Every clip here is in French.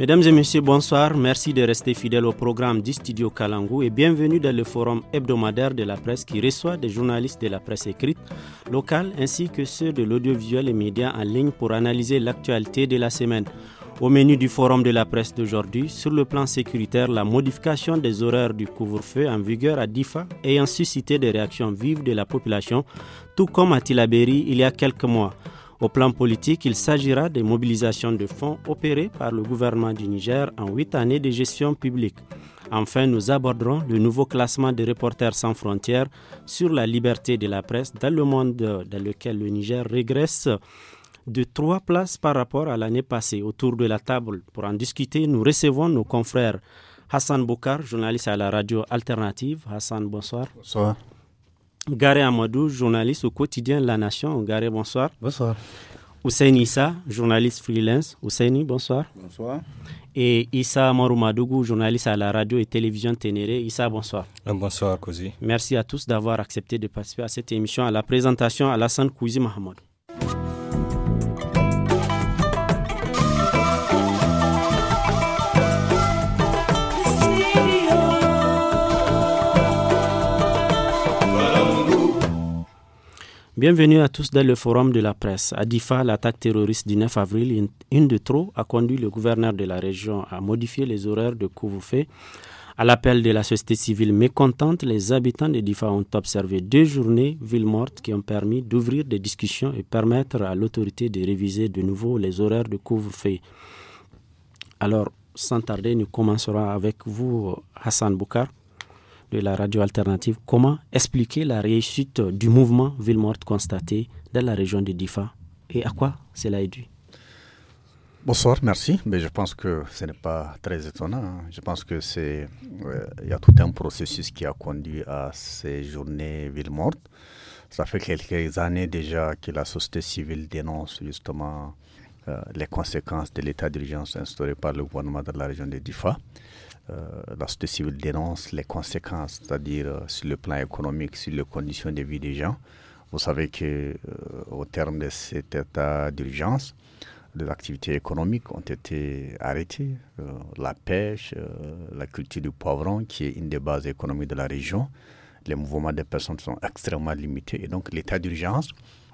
Mesdames et messieurs, bonsoir. Merci de rester fidèles au programme du Studio et bienvenue dans le forum hebdomadaire de la presse qui reçoit des journalistes de la presse écrite locale ainsi que ceux de l'audiovisuel et médias en ligne pour analyser l'actualité de la semaine. Au menu du forum de la presse d'aujourd'hui, sur le plan sécuritaire, la modification des horaires du couvre-feu en vigueur à Difa ayant suscité des réactions vives de la population, tout comme à Tilaberi il y a quelques mois. Au plan politique, il s'agira des mobilisations de fonds opérées par le gouvernement du Niger en huit années de gestion publique. Enfin, nous aborderons le nouveau classement des Reporters sans frontières sur la liberté de la presse dans le monde dans lequel le Niger régresse de trois places par rapport à l'année passée. Autour de la table, pour en discuter, nous recevons nos confrères Hassan Boukar, journaliste à la radio alternative. Hassan, bonsoir. Bonsoir. Gare Amadou, journaliste au quotidien La Nation. Gare, bonsoir. Bonsoir. Hussein Issa, journaliste freelance. Hussein, bonsoir. Bonsoir. Et Issa Madougou, journaliste à la radio et télévision Ténéré. Issa, bonsoir. Bonsoir, Kouzi. Merci à tous d'avoir accepté de participer à cette émission. À la présentation, à la Sainte Kouzi Mahamadou. Bienvenue à tous dans le forum de la presse. À Difa, l'attaque terroriste du 9 avril, une de trop, a conduit le gouverneur de la région à modifier les horaires de couvre-feu. À l'appel de la société civile mécontente, les habitants de Difa ont observé deux journées ville mortes qui ont permis d'ouvrir des discussions et permettre à l'autorité de réviser de nouveau les horaires de couvre-feu. Alors, sans tarder, nous commencerons avec vous, Hassan Boukar de la radio alternative, comment expliquer la réussite du mouvement Ville Morte constaté dans la région de Difa et à quoi cela est dû Bonsoir, merci. Mais ben, je pense que ce n'est pas très étonnant. Hein. Je pense que c'est euh, il y a tout un processus qui a conduit à ces journées ville morte. Ça fait quelques années déjà que la société civile dénonce justement euh, les conséquences de l'état d'urgence instauré par le gouvernement de la région de Difa. Euh, la société civile dénonce les conséquences, c'est-à-dire euh, sur le plan économique, sur les conditions de vie des gens. Vous savez que euh, au terme de cet état d'urgence, les activités économiques ont été arrêtées. la pêche, la culture du poivron, qui est une des bases économiques de la région, les mouvements des personnes sont extrêmement limités. Et donc l'état d'urgence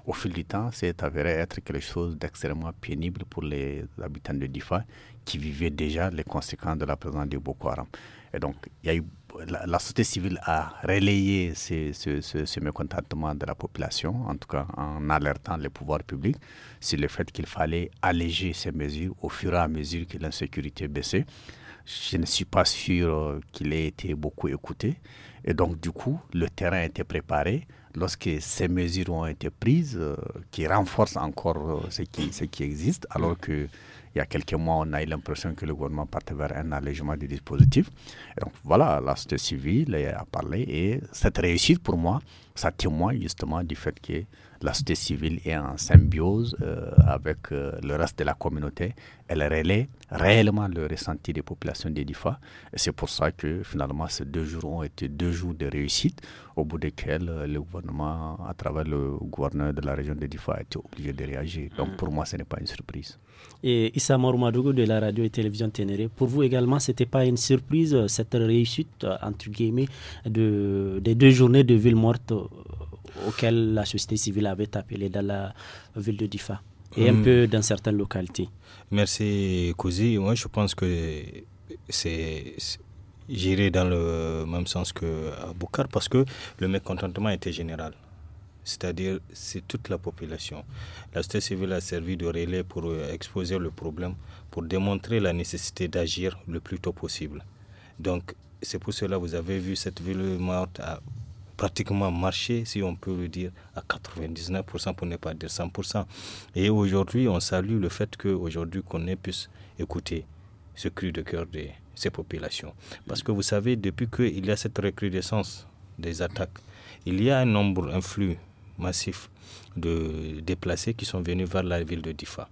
au fil du temps, c'est avéré être quelque chose d'extrêmement pénible pour les habitants de Difa qui vivaient déjà les conséquences de la présence du Boko Haram. Et donc, il la, société civile a relayé ce, ce, mécontentement de la population, en tout cas en alertant les pouvoirs publics sur le fait qu'il fallait alléger ces mesures au fur et à mesure que l'insécurité baissait. Je ne suis pas sûr euh, qu'il ait été beaucoup écouté. Et donc, du coup, le terrain était préparé lorsque ces mesures ont été prises, euh, qui renforcent encore euh, ce, qui, ce qui existe, alors que il y a quelques mois, on a eu l'impression que le gouvernement partait vers un allègement du dispositif. donc voilà, la société civile a parlé et cette réussite pour moi, ça témoigne justement du fait que la société civile est en symbiose euh, avec euh, le reste de la communauté. Elle relaie réellement le ressenti des populations d'Edifa et C'est pour ça que finalement ces deux jours ont été deux jours de réussite, au bout desquels euh, le gouvernement, à travers le gouverneur de la région d'Edifa a été obligé de réagir. Mm. Donc pour moi, ce n'est pas une surprise. Et Issa madougo de la radio et télévision Ténéré, pour vous également, ce n'était pas une surprise, cette réussite, entre guillemets, de, des deux journées de ville morte auquel la société civile avait appelé dans la ville de Difa et un hmm. peu dans certaines localités. Merci Kouzi. Moi je pense que c'est j'irai dans le même sens que à Boukar parce que le mécontentement était général. C'est-à-dire, c'est toute la population. La société civile a servi de relais pour euh, exposer le problème, pour démontrer la nécessité d'agir le plus tôt possible. Donc, c'est pour cela que vous avez vu cette ville morte à pratiquement marché, si on peut le dire, à 99% pour ne pas dire 100%. Et aujourd'hui, on salue le fait qu'aujourd'hui qu'on ait pu écouter ce cri de cœur de ces populations. Parce que vous savez, depuis qu'il y a cette recrudescence des attaques, il y a un nombre, un flux massif de déplacés qui sont venus vers la ville de Difa.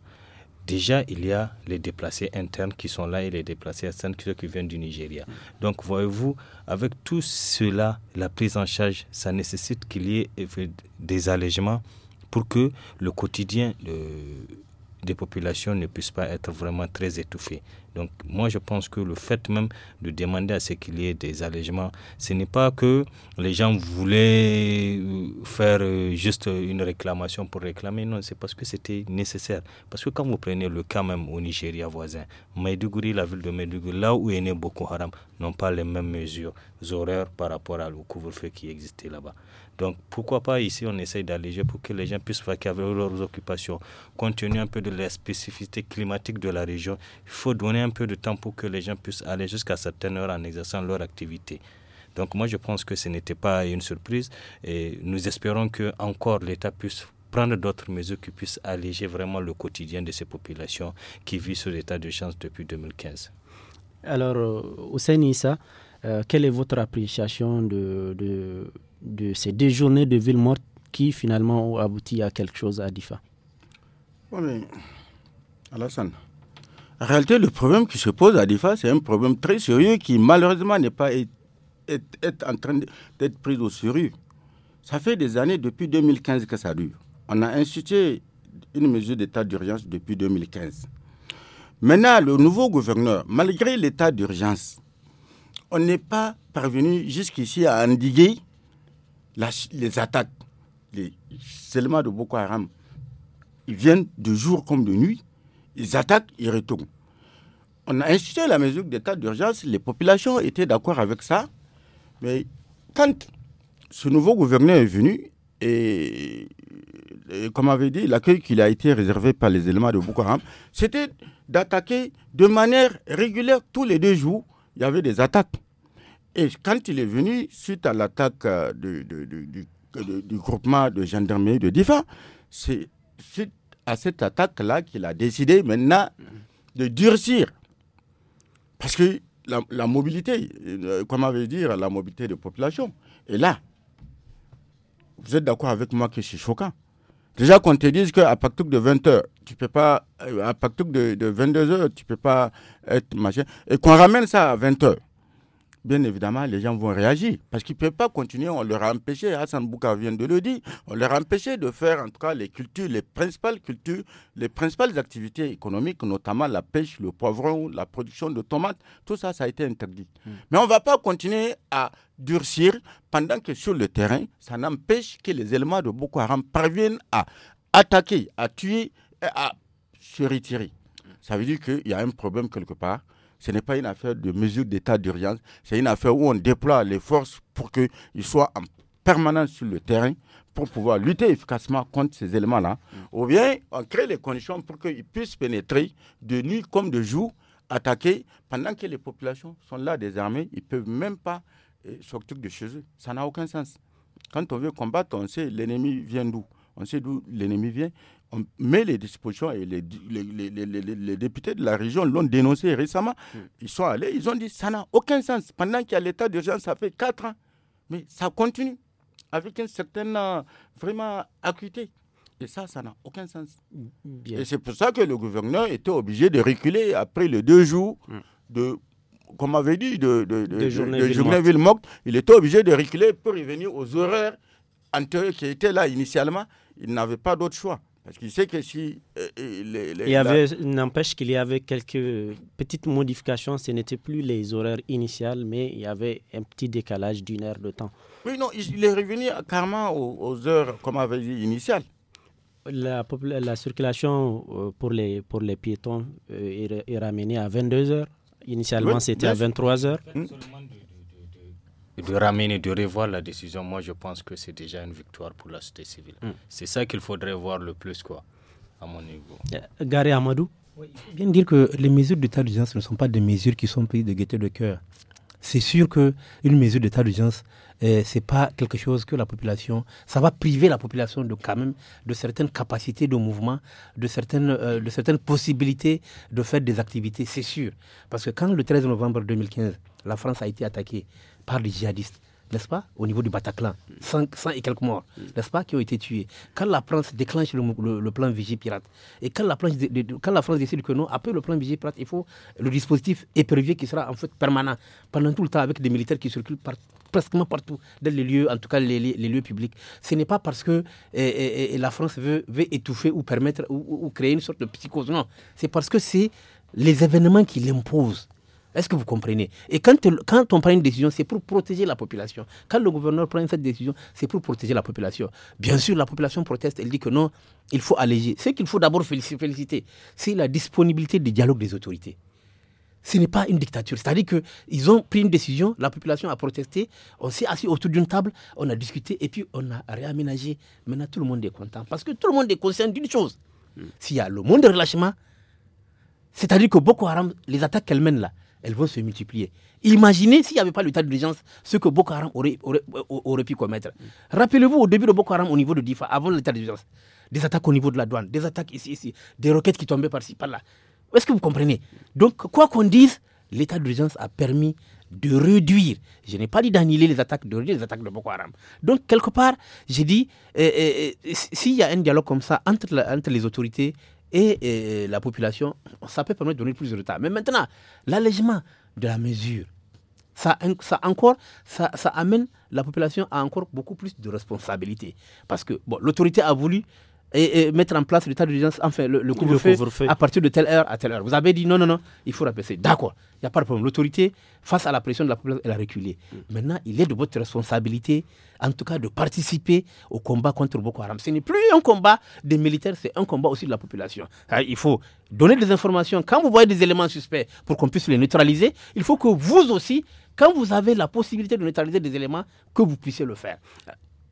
Déjà, il y a les déplacés internes qui sont là et les déplacés externes qui viennent du Nigeria. Donc, voyez-vous, avec tout cela, la prise en charge, ça nécessite qu'il y ait des allègements pour que le quotidien des populations ne puisse pas être vraiment très étouffé. Donc moi je pense que le fait même de demander à ce qu'il y ait des allègements, ce n'est pas que les gens voulaient euh, faire euh, juste une réclamation pour réclamer, non, c'est parce que c'était nécessaire. Parce que quand vous prenez le cas même au Nigeria voisin, Maiduguri, la ville de Maiduguri, là où est né Boko Haram, n'ont pas les mêmes mesures horaires par rapport au couvre-feu qui existait là-bas. Donc pourquoi pas ici on essaye d'alléger pour que les gens puissent faire qu'avec leurs occupations. Compte tenu un peu de la spécificité climatique de la région, il faut donner un peu de temps pour que les gens puissent aller jusqu'à certaines heures en exerçant leur activité. Donc moi je pense que ce n'était pas une surprise et nous espérons que encore l'État puisse prendre d'autres mesures qui puissent alléger vraiment le quotidien de ces populations qui vivent sur l'état de chance depuis 2015. Alors, Hussein euh, Issa, euh, quelle est votre appréciation de, de, ces deux journées de ville morte qui finalement ont abouti à quelque chose à Difa oui, Alassane, en réalité, le problème qui se pose à DIFA, c'est un problème très sérieux qui, malheureusement, n'est pas en train d'être pris au sérieux. Ça fait des années, depuis 2015 que ça dure. On a institué une mesure d'état d'urgence depuis 2015. Maintenant, le nouveau gouverneur, malgré l'état d'urgence, on n'est pas parvenu jusqu'ici à endiguer les attaques. Les, seulement de Boko Haram. Ils viennent de jour comme de nuit. Ils attaquent, ils retournent. On a institué la mesure d'état d'urgence, les populations étaient d'accord avec ça, mais quand ce nouveau gouverneur est venu, et, comme avait dit, l'accueil qu'il a été réservé par les éléments de Boko Haram, c'était d'attaquer de manière régulière tous les deux jours. Il y avait des attaques. Et quand il est venu, suite à l'attaque euh, du, du, du, groupement de gendarmerie de Difa, c'est suite à cette attaque-là qu'il a décidé maintenant de durcir. Parce que la, mobilité, euh, comment veut dire la mobilité de population, est là. Vous êtes d'accord avec moi que c'est choquant. Déjà qu'on te dise qu'à partir de 20h, tu peux pas, euh, à partir de, de 22h, tu peux pas être machin, et qu'on ramène ça à 20h bien évidemment, les gens vont réagir. Parce qu'ils ne peuvent pas continuer. On leur a empêché, Hassan Bouka vient de le dire, on leur a empêché de faire en tout cas les cultures, les principales cultures, les principales activités économiques, notamment la pêche, le poivron, la production de tomates. Tout ça, ça a été interdit. Hmm. Mais on ne va pas continuer à durcir pendant que sur le terrain, ça n'empêche que les éléments de Boko Haram parviennent à attaquer, à tuer, et à se retirer. Ça veut dire qu'il y a un problème quelque part ce n'est pas une affaire de mesure d'état d'urgence, c'est une affaire où on déploie les forces pour qu'ils soient en permanence sur le terrain pour pouvoir lutter efficacement contre ces éléments-là. Mm. Ou bien on crée les conditions pour qu'ils puissent pénétrer de nuit comme de jour, attaquer, pendant que les populations sont là désarmées, ils ne peuvent même pas euh, sortir de chez eux. Ça n'a aucun sens. Quand on veut combattre, on sait l'ennemi vient d'où on sait d'où l'ennemi vient, on met les dispositions et les, députés de la région l'ont dénoncé récemment. Hmm. Ils sont allés, ils ont dit ça n'a aucun sens. Pendant qu'il y a l'état d'urgence, ça fait quatre ans. Mais ça continue avec une certaine euh, vraiment acuité. Et ça, ça n'a aucun sens. Et c'est pour ça que le gouverneur était obligé de reculer après les deux jours hmm. de comme avait dit, de, de, de, journée ville il était obligé de reculer pour revenir aux horaires antérieurs qui étaient là initialement il n'avait pas d'autre choix. Parce qu'il sait que si. Euh, euh, il y avait, n'empêche qu'il y avait quelques petites modifications. Ce n'était plus les horaires initiales, mais il y avait un petit décalage d'une heure de temps. Oui, non, il est revenu carrément aux, heures, comme avait dit, initiales. La, la, circulation euh, pour les, pour les piétons est, ramenée à 22 heures. Initialement, c'était à 23 heures. Hmm de ramener, de revoir la décision, moi je pense que c'est déjà une victoire pour la société civile. Hmm. C'est ça qu'il faudrait voir le plus, quoi, à mon niveau. Eh, Garé Amadou viens de dire que les mesures d'état d'urgence ne sont pas des mesures qui sont prises de gaieté de cœur. C'est sûr que une mesure d'état d'urgence, ce eh, c'est pas quelque chose que la population, ça va priver la population de quand même de certaines capacités de mouvement, de certaines, euh, de certaines possibilités de faire des activités, c'est sûr. Parce que quand le 13 novembre 2015, la France a été attaquée, par les djihadistes, n'est-ce pas Au niveau du Bataclan, 100, et quelques morts, n'est-ce pas, qui ont été tués. Quand la France déclenche le, plan Vigipirate, et quand la, France, décide que non, après le plan Vigipirate, il faut le dispositif épervier qui sera en fait permanent, pendant tout le temps, avec des militaires qui circulent presque pratiquement partout, dans les lieux, en tout cas les, lieux publics. Ce n'est pas parce que la France veut, étouffer ou permettre ou créer une sorte de psychose, non. C'est parce que c'est les événements qui l'imposent est-ce que vous comprenez Et quand, quand on prend une décision, c'est pour protéger la population. Quand le gouverneur prend cette décision, c'est pour protéger la population. Bien sûr, la population proteste, elle dit que non, il faut alléger. Ce qu'il faut d'abord féliciter, c'est la disponibilité du dialogue des autorités ce n'est pas une dictature. C'est-à-dire qu'ils ont pris une décision, la population a protesté, on s'est assis autour d'une table, on a discuté et puis on a réaménagé. Maintenant, tout le monde est content. Parce que tout le monde est conscient d'une chose. Hmm. S'il y a le monde de relâchement, c'est-à-dire que Boko Haram, les attaques qu'elle mène là, elles vont se multiplier. Imaginez s'il n'y avait pas l'état d'urgence, ce que Boko Haram aurait, aurait, pu commettre. Rappelez-vous au début de Boko Haram au niveau de Difa, avant l'état d'urgence, des attaques au niveau de la douane, des attaques ici, ici, des roquettes qui tombaient par-ci, par-là. Est-ce que vous comprenez Donc, quoi qu'on dise, l'état d'urgence a permis de réduire, je n'ai pas dit d'annuler les attaques, de réduire les attaques de Boko Haram. Donc, quelque part, j'ai dit, euh, euh, euh, s'il y a un dialogue comme ça entre, entre les autorités et, la population, ça peut permettre de donner plus de retard. Mais maintenant, l'allègement de la mesure, ça, ça encore, ça, amène la population à encore beaucoup plus de responsabilités. Parce que l'autorité a voulu et, mettre en place l'état d'urgence, enfin le, couvre-feu à partir de telle heure à telle heure. Vous avez dit non, non, non, il faut ça. D'accord, il n'y a pas de problème. L'autorité, face à la pression de la population, elle a reculé. Mm. Maintenant, il est de votre responsabilité, en tout cas, de participer au combat contre Boko Haram. Ce n'est plus un combat des militaires, c'est un combat aussi de la population. Ah, il faut donner des informations. Quand vous voyez des éléments suspects pour qu'on puisse les neutraliser, il faut que vous aussi, quand vous avez la possibilité de neutraliser des éléments, que vous puissiez le faire.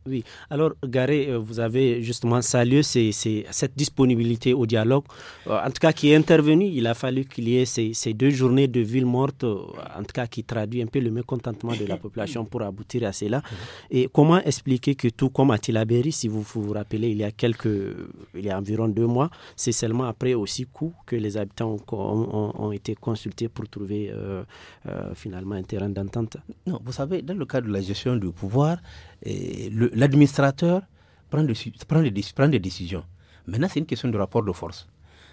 Oui, alors Garé, euh, vous avez justement salué cette disponibilité au dialogue, euh, en tout cas qui est intervenue. Il a fallu qu'il y ait ces, deux journées de ville morte, euh, en tout cas qui traduit un peu le mécontentement de la population pour aboutir à cela. Et comment expliquer que tout comme à Tilaberi, si vous vous rappelez, il y a quelques, il y environ deux mois, c'est seulement après aussi coup que les habitants ont, été consultés pour trouver finalement un terrain d'entente. Non, vous savez, dans le cadre de la gestion du pouvoir, l'administrateur prend, des prend prend décisions. Maintenant, c'est une question de rapport de force.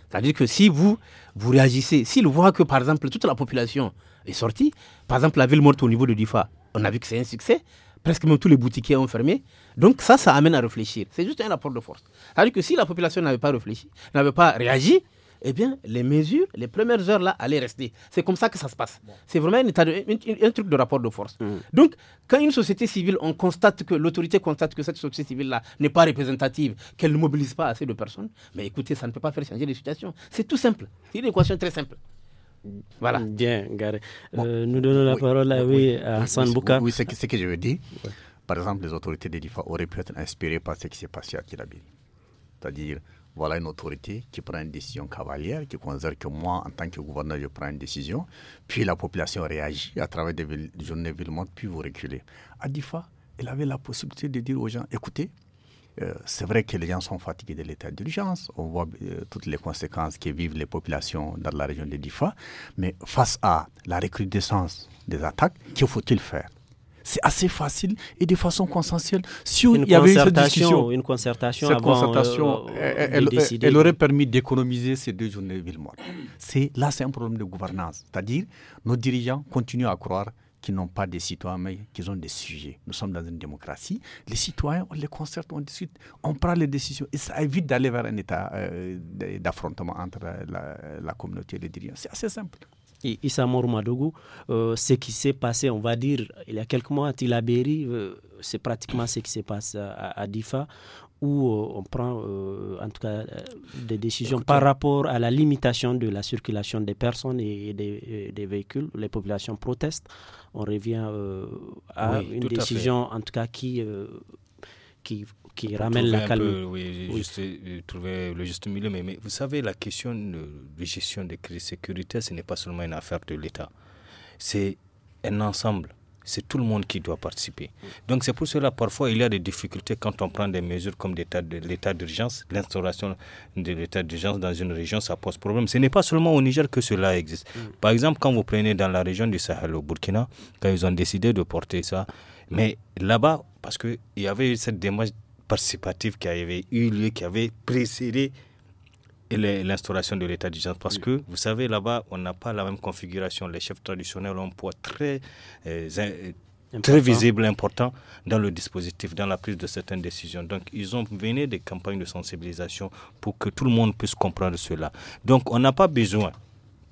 C'est-à-dire que si vous, vous réagissez, s'il voit que, par exemple, toute la population est sortie, par exemple, la ville morte au niveau de DIFA, on a vu que c'est un succès, presque tous les boutiquiers ont fermé. Donc ça, ça amène à réfléchir. C'est juste un rapport de force. C'est-à-dire que si la population n'avait pas réfléchi, n'avait pas réagi, eh bien, les mesures, les premières heures là, allaient rester. C'est comme ça que ça se passe. C'est vraiment un, truc de rapport de force. Mmh. Donc, quand une société civile, on constate que l'autorité constate que cette société civile là n'est pas représentative, qu'elle ne mobilise pas assez de personnes, mais écoutez, ça ne peut pas faire changer les situations. C'est tout simple. C'est une équation très simple. Voilà. Bien, Gary. Euh, nous donnons la parole à, oui, Hassan Bouka. Oui, c'est ce que je veux dire. Par exemple, les autorités de auraient pu être inspirées par ce qui s'est passé à Kilabi. C'est-à-dire, voilà une autorité qui prend une décision cavalière, qui considère que moi, en tant que gouverneur, je prends une décision, puis la population réagit à travers des journées villemontes, puis vous reculez. À Difa, elle avait la possibilité de dire aux gens, écoutez, euh, c'est vrai que les gens sont fatigués de l'état d'urgence, on voit euh, toutes les conséquences que vivent les populations dans la région de Difa, mais face à la recrudescence des attaques, que faut-il faire c'est assez facile et de façon consensuelle. Si il y avait eu cette discussion, une concertation, euh, euh, elle, aurait permis d'économiser ces deux journées de ville C'est, là, c'est un problème de gouvernance. C'est-à-dire, nos dirigeants continuent à croire qu'ils n'ont pas des citoyens, mais qu'ils ont des sujets. Nous sommes dans une démocratie. Les citoyens, on les concerte, on discute, on prend les décisions. Et ça évite d'aller vers un état euh, d'affrontement entre la communauté et les dirigeants. C'est assez simple et Issa Madougou, euh, ce qui s'est passé, on va dire, il y a quelques mois à Tilaberi, euh, c'est pratiquement ce qui s'est passé à, Difa, où euh, on prend euh, en tout cas des décisions par rapport à la limitation de la circulation des personnes et, des, véhicules. Les populations protestent. On revient à une décision, en tout cas, qui qui, qui ramène la calme. oui, Juste, euh, trouver le juste milieu. Mais, vous savez, la question de, de gestion des crises sécuritaires, ce n'est pas seulement une affaire de l'État. C'est un ensemble. C'est tout le monde qui doit participer. Donc c'est pour cela, parfois, il y a des difficultés quand on prend des mesures comme l'état d'urgence. L'instauration de l'état d'urgence dans une région, ça pose problème. Ce n'est pas seulement au Niger que cela existe. Mm. Par exemple, quand vous prenez dans la région du Sahel au Burkina, quand ils ont décidé de porter ça, mais là-bas, parce qu'il y avait cette démarche participative qui avait eu lieu, qui avait précédé l'instauration de l'état d'urgence. Parce que, vous savez, là-bas, on n'a pas la même configuration. Les chefs traditionnels ont un poids très, euh, euh, très visible, important dans le dispositif, dans la prise de certaines décisions. Donc, ils ont mené des campagnes de sensibilisation pour que tout le monde puisse comprendre cela. Donc, on n'a pas besoin,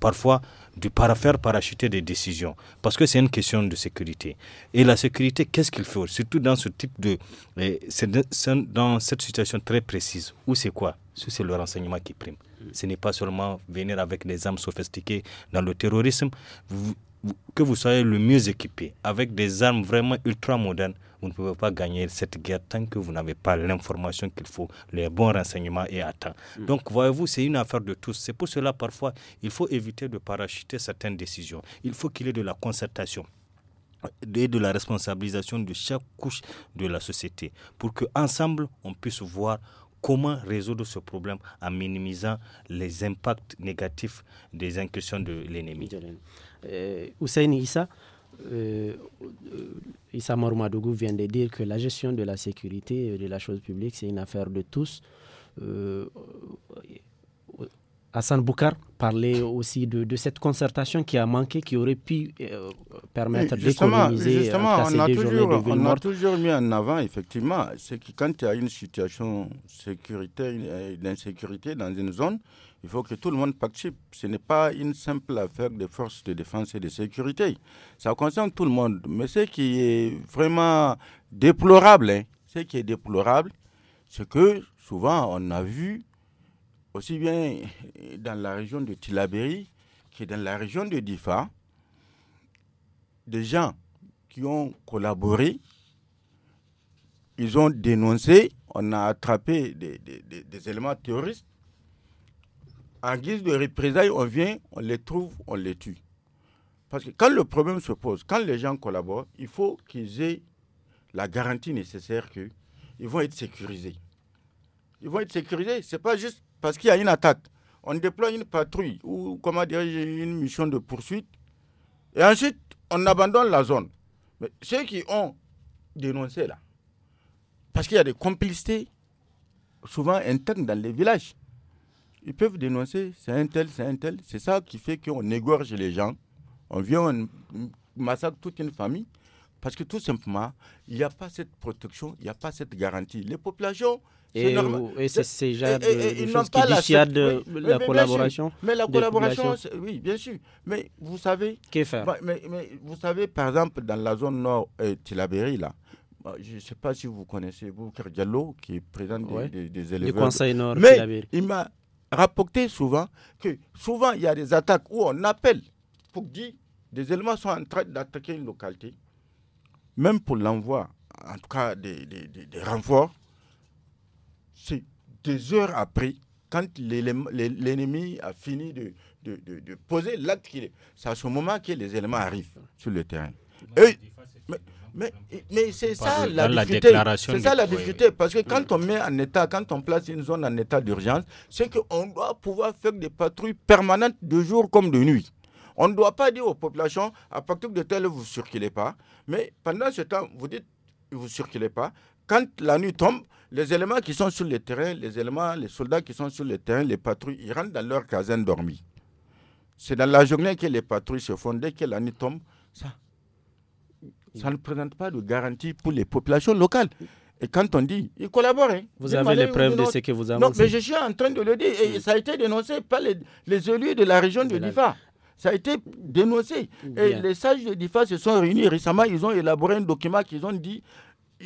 parfois, de faire parachuter des décisions, parce que c'est une question de sécurité. Et la sécurité, qu'est-ce qu'il faut Surtout dans ce type de... Eh, dans cette situation très précise, où c'est quoi C'est le renseignement qui prime. Ce n'est pas seulement venir avec des armes sophistiquées dans le terrorisme, que vous soyez le mieux équipé, avec des armes vraiment ultra modernes, vous ne pouvez pas gagner cette guerre tant que vous n'avez pas l'information qu'il faut, les bons renseignements et à temps. Mm. Donc, voyez-vous, c'est une affaire de tous. C'est pour cela, parfois, il faut éviter de parachuter certaines décisions. Il faut qu'il y ait de la concertation et de la responsabilisation de chaque couche de la société pour que ensemble on puisse voir comment résoudre ce problème en minimisant les impacts négatifs des incursions de l'ennemi. Hussein Issa, euh, euh, Issa Mormadougou vient de dire que la gestion de la sécurité et de la chose publique, c'est une affaire de tous. Euh, Hassan Boukar parlait aussi de, de, cette concertation qui a manqué, qui aurait pu euh, permettre d'économiser justement, justement on, a toujours, on a toujours mis en avant, effectivement, c'est que quand il y a une situation sécurité, d'insécurité dans une zone, il faut que tout le monde participe. Ce n'est pas une simple affaire des forces de défense et de sécurité. Ça concerne tout le monde. Mais ce qui est vraiment déplorable, hein, ce qui est déplorable, c'est que souvent on a vu, aussi bien dans la région de Tilaberi que dans la région de Difa, des gens qui ont collaboré, ils ont dénoncé, on a attrapé des éléments terroristes en guise de représailles, on vient, on les trouve, on les tue. Parce que quand le problème se pose, quand les gens collaborent, il faut qu'ils aient la garantie nécessaire qu'ils vont être sécurisés. Ils vont être sécurisés, ce n'est pas juste parce qu'il y a une attaque. On déploie une patrouille ou, comment dire une mission de poursuite. Et ensuite, on abandonne la zone. Mais ceux qui ont dénoncé là, parce qu'il y a des complicités souvent internes dans les villages. Ils peuvent dénoncer, c'est un tel, c'est un tel. C'est ça qui fait qu'on égorge les gens. On vient, on massacre toute une famille. Parce que tout simplement, il n'y a pas cette protection, il n'y a pas cette garantie. Les populations, et c'est déjà une chose qui dissuade la, la collaboration. Mais la collaboration, oui, bien sûr. Mais vous savez. Bah, mais, vous savez, par exemple, dans la zone nord, de là, bah, je ne sais pas si vous connaissez vous, Diallo, qui est président des, éléments' des, Du Conseil Nord, Mais il m'a rapporté souvent que souvent il y a des attaques où on appelle pour dire des éléments sont en train d'attaquer une localité, même pour l'envoi, en tout cas des, renforts, c'est des heures après, quand l'ennemi a fini de, de, de poser l'acte qu'il est. C'est à ce moment que les éléments arrivent sur le terrain mais, c'est ça, la difficulté. la difficulté. parce que quand on met en état, quand on place une zone en état d'urgence, c'est qu'on doit pouvoir faire des patrouilles permanentes de jour comme de nuit. On ne doit pas dire aux populations, à partir de tel, vous ne circulez pas. Mais pendant ce temps, vous dites, vous ne circulez pas. Quand la nuit tombe, les éléments qui sont sur le terrain, les éléments, les soldats qui sont sur le terrain, les patrouilles, ils rentrent dans leur caserne dormie. C'est dans la journée que les patrouilles se font. Dès que la nuit tombe, ça, ça ne présente pas de garantie pour les populations locales. Et quand on dit, ils collaborent. Hein. Vous avez les preuves de ce que vous annoncez. Non, mais je suis en train de le dire. Et ça a été dénoncé par les, élus de la région de, Difa. Ça a été dénoncé. Et les sages de Difa se sont réunis récemment. Ils ont élaboré un document qu'ils ont dit,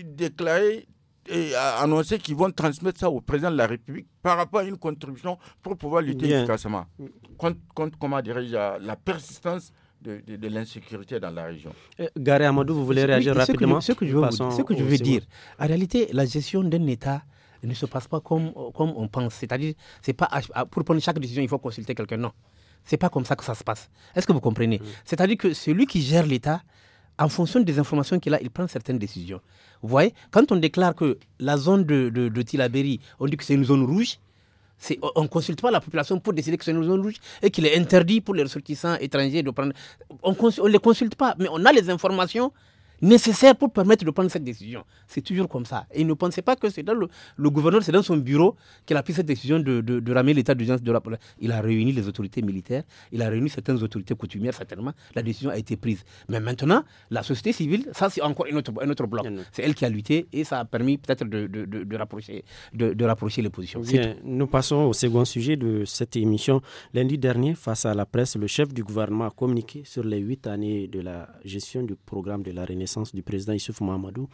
déclaré et annoncé qu'ils vont transmettre ça au président de la République par rapport à une contribution pour pouvoir lutter efficacement. Mm. comment dirais-je, la persistance de, l'insécurité dans la région. Euh, Garé Amadou, vous voulez réagir rapidement Ce que je, ce que je veux, dire, en réalité, la gestion d'un État ne se passe pas comme, comme on pense. C'est-à-dire, c'est pas pour prendre chaque décision, il faut consulter quelqu'un. Non, c'est pas comme ça que ça se passe. Est-ce que vous comprenez C'est-à-dire que celui qui gère l'État, en fonction des informations qu'il a, il prend certaines décisions. Vous voyez, quand on déclare que la zone de, de, de Tilaberi, on dit que c'est une zone rouge, on ne consulte pas la population pour décider que c'est une zone rouge et qu'il est interdit pour les ressortissants étrangers de prendre. On ne les consulte pas, mais on a les informations nécessaires pour permettre de prendre cette décision. C'est toujours comme ça. Et ne pensez pas que c'est dans le, le gouverneur, c'est dans son bureau qu'il a pris cette décision de, ramener l'état d'urgence de la Il a réuni les autorités militaires, il a réuni certaines autorités coutumières, certainement. La décision a été prise. Mais maintenant, la société civile, ça c'est encore un autre, bloc. C'est elle qui a lutté et ça a permis peut-être de, rapprocher, de, rapprocher les positions. nous passons au second sujet de cette émission. Lundi dernier, face à la presse, le chef du gouvernement a communiqué sur les huit années de la gestion du programme de la Renaissance du président Issouf Mahamadou,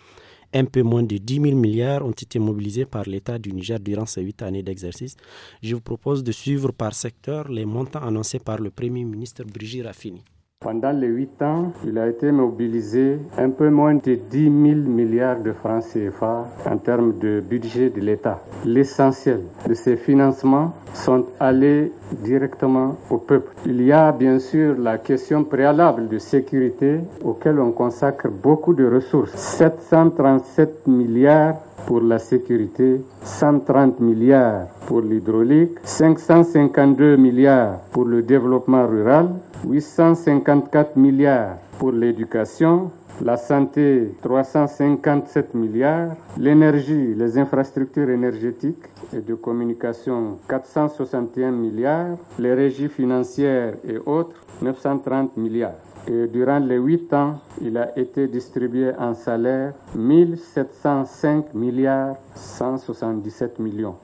un peu moins de 10 000 milliards ont été mobilisés par l'État du Niger durant ces huit années d'exercice. Je vous propose de suivre par secteur les montants annoncés par le Premier ministre Brigitte Raffini. Pendant les huit ans, il a été mobilisé un peu moins de 10 000 milliards de francs CFA en termes de budget de l'État. L'essentiel de ces financements sont allés directement au peuple. Il y a bien sûr la question préalable de sécurité auquel on consacre beaucoup de ressources. 737 milliards pour la sécurité, 130 milliards pour l'hydraulique, 552 milliards pour le développement rural, 854 milliards pour l'éducation, la santé 357 milliards, l'énergie, les infrastructures énergétiques et de communication 461 milliards, les régies financières et autres 930 milliards. Et durant les 8 ans, il a été distribué en salaire 1705 milliards 177 millions.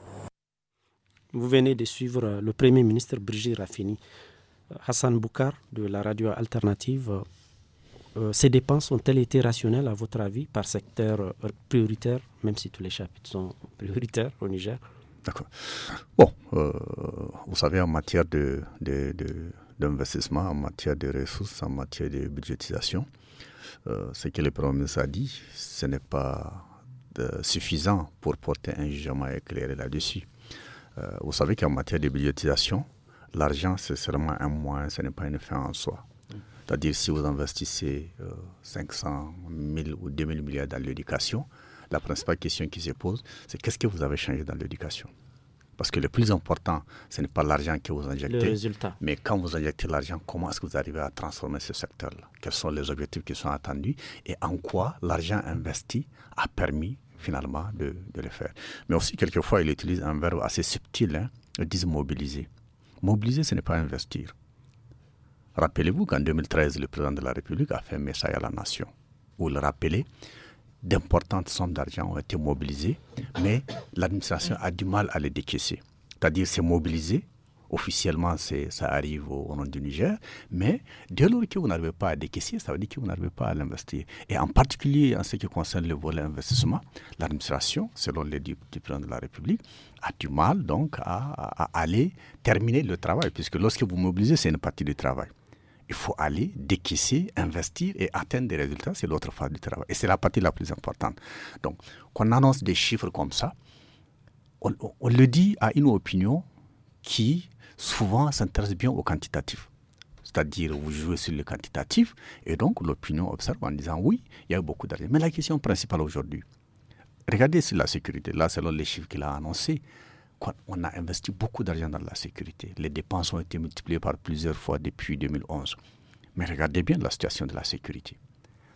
Vous venez de suivre le Premier ministre Brigitte Raffini. Hassan Boukar de la radio alternative. Euh, ces dépenses ont-elles été rationnelles, à votre avis, par secteur euh, prioritaire, même si tous les chapitres sont prioritaires au Niger D'accord. Bon, euh, vous savez, en matière de, d'investissement, en matière de ressources, en matière de budgétisation, ce que le Premier ministre a dit, ce n'est pas suffisant pour porter un jugement éclairé là-dessus. vous savez qu'en matière de budgétisation, l'argent, c'est seulement un moyen, ce n'est pas une fin en soi. C'est-à-dire, si vous investissez 500 euh, 000 ou 2000 milliards dans l'éducation, la principale question qui se pose, c'est qu'est-ce que vous avez changé dans l'éducation Parce que le plus important, ce n'est pas l'argent que vous injectez, mais quand vous injectez l'argent, comment est-ce que vous arrivez à transformer ce secteur-là Quels sont les objectifs qui sont attendus et en quoi l'argent investi a permis finalement de, le faire. Mais aussi, quelquefois, il utilise un verbe assez subtil, hein, ils mobiliser. Mobiliser, ce n'est pas investir. Rappelez-vous qu'en 2013, le président de la République a fait un message à la nation où le rappelez d'importantes sommes d'argent ont été mobilisées, mais l'administration a du mal à les décaisser. C'est-à-dire, c'est mobiliser, officiellement ça arrive au, nom du Niger, mais dès lors que vous n'arrivez pas à décaisser, ça veut dire que vous n'arrivez pas à l'investir. Et en particulier en ce qui concerne le volet investissement, l'administration, selon les députés de la République, a du mal donc à, aller terminer le travail, puisque lorsque vous mobilisez, c'est une partie du travail. Il faut aller décaisser, investir et atteindre des résultats, c'est l'autre phase du travail. Et c'est la partie la plus importante. Donc, qu'on annonce des chiffres comme ça, on le dit à une opinion qui souvent s'intéresse bien au quantitatif. C'est-à-dire, vous jouez sur le quantitatif, et donc l'opinion observe en disant oui, il y a eu beaucoup d'argent. Mais la question principale aujourd'hui, regardez sur la sécurité, là, selon les chiffres qu'il a annoncés, on a investi beaucoup d'argent dans la sécurité. Les dépenses ont été multipliées par plusieurs fois depuis 2011. Mais regardez bien la situation de la sécurité.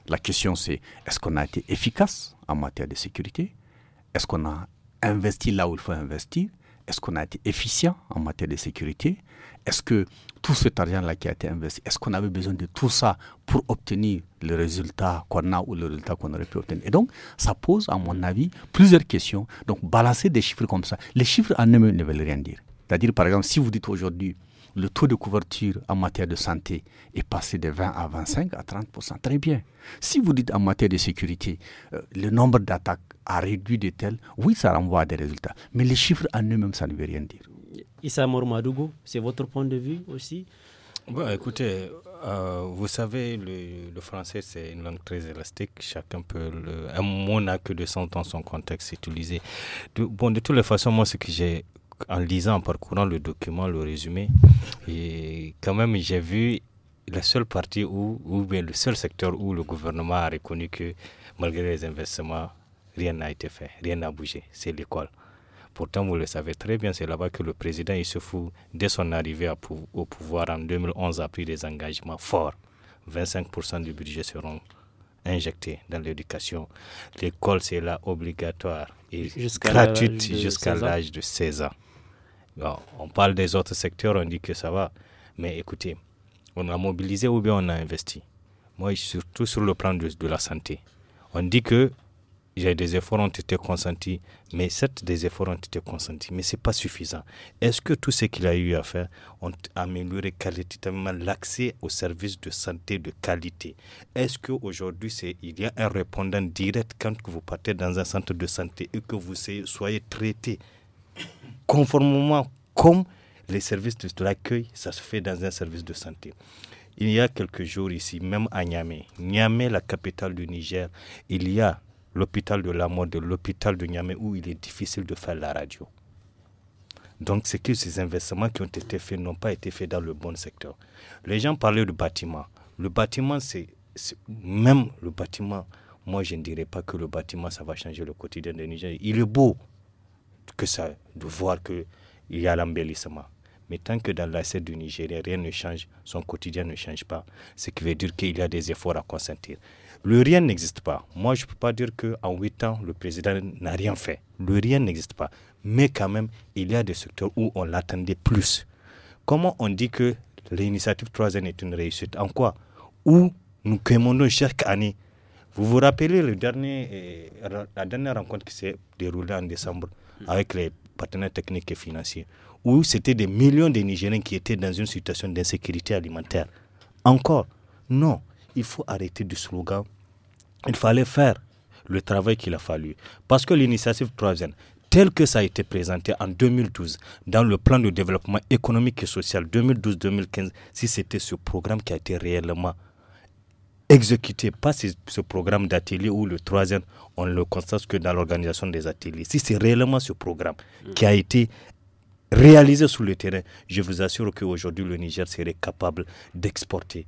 La question c'est, est-ce qu'on a été efficace en matière de sécurité Est-ce qu'on a investi là où il faut investir est-ce qu'on a été efficient en matière de sécurité Est-ce que tout cet argent-là qui a été investi, est-ce qu'on avait besoin de tout ça pour obtenir le résultat qu'on a ou le résultat qu'on aurait pu obtenir Et donc, ça pose, à mon avis, plusieurs questions. Donc, balancer des chiffres comme ça, les chiffres en eux-mêmes ne veulent rien dire. C'est-à-dire, par exemple, si vous dites aujourd'hui, le taux de couverture en matière de santé est passé de 20 à 25 à 30 Très bien. Si vous dites en matière de sécurité, euh, le nombre d'attaques a réduit de tel, oui, ça renvoie à des résultats. Mais les chiffres en eux-mêmes, ça ne veut rien dire. Issa Mormadougou, c'est votre point de vue aussi Bon, écoutez, euh, vous savez, le, français, c'est une langue très élastique. Chacun peut, un mot n'a que de sens dans son contexte utilisé. De, bon, de toutes les façons, moi, ce que j'ai en lisant, en parcourant le document, le résumé, et quand même j'ai vu la seule partie où, ou bien le seul secteur où le gouvernement a reconnu que malgré les investissements, rien n'a été fait, rien n'a bougé, c'est l'école. Pourtant, vous le savez très bien, c'est là-bas que le président fout dès son arrivée au pouvoir en 2011, a pris des engagements forts. 25% du budget seront injectés dans l'éducation. L'école, c'est là obligatoire et gratuite jusqu'à l'âge de 16 ans on parle des autres secteurs, on dit que ça va. Mais écoutez, on a mobilisé ou bien on a investi. Moi, surtout sur le plan de, la santé. On dit que des efforts ont été consentis, mais certes, des efforts ont été consentis, mais ce n'est pas suffisant. Est-ce que tout ce qu'il a eu à faire ont amélioré qualitativement l'accès aux services de santé de qualité Est-ce qu'aujourd'hui, c'est il y a un répondant direct quand vous partez dans un centre de santé et que vous soyez traité conformément comme les services de l'accueil, ça se fait dans un service de santé. Il y a quelques jours ici, même à Niamey, Niamey, la capitale du Niger, il y a l'hôpital de la mort de l'hôpital de Niamey où il est difficile de faire la radio. Donc, c'est que ces investissements qui ont été faits n'ont pas été faits dans le bon secteur. Les gens parlaient du bâtiment. Le bâtiment, c'est même le bâtiment. Moi, je ne dirais pas que le bâtiment, ça va changer le quotidien des Nigériens. Il est beau, que ça, de voir qu'il y a l'embellissement. Mais tant que dans l'assiette du Nigeria, rien ne change, son quotidien ne change pas, ce qui veut dire qu'il y a des efforts à consentir. Le rien n'existe pas. Moi, je ne peux pas dire qu'en huit ans, le président n'a rien fait. Le rien n'existe pas. Mais quand même, il y a des secteurs où on l'attendait plus. Comment on dit que l'initiative 3 est une réussite En quoi Où nous commandons chaque année. Vous vous rappelez le dernier, euh, la dernière rencontre qui s'est déroulée en décembre Mm. avec les partenaires techniques et financiers, où c'était des millions de Nigériens qui étaient dans une situation d'insécurité alimentaire. Encore, non, il faut arrêter du slogan. Il fallait faire le travail qu'il a fallu. Parce que l'initiative troisième, telle que ça a été présenté en 2012 dans le plan de développement économique et social 2012-2015, si c'était ce programme qui a été réellement exécuter pas ce, programme d'atelier où le troisième, on le constate que dans l'organisation des ateliers. Si c'est réellement ce programme mm. qui a été réalisé sur le terrain, je vous assure qu'aujourd'hui, le Niger serait capable d'exporter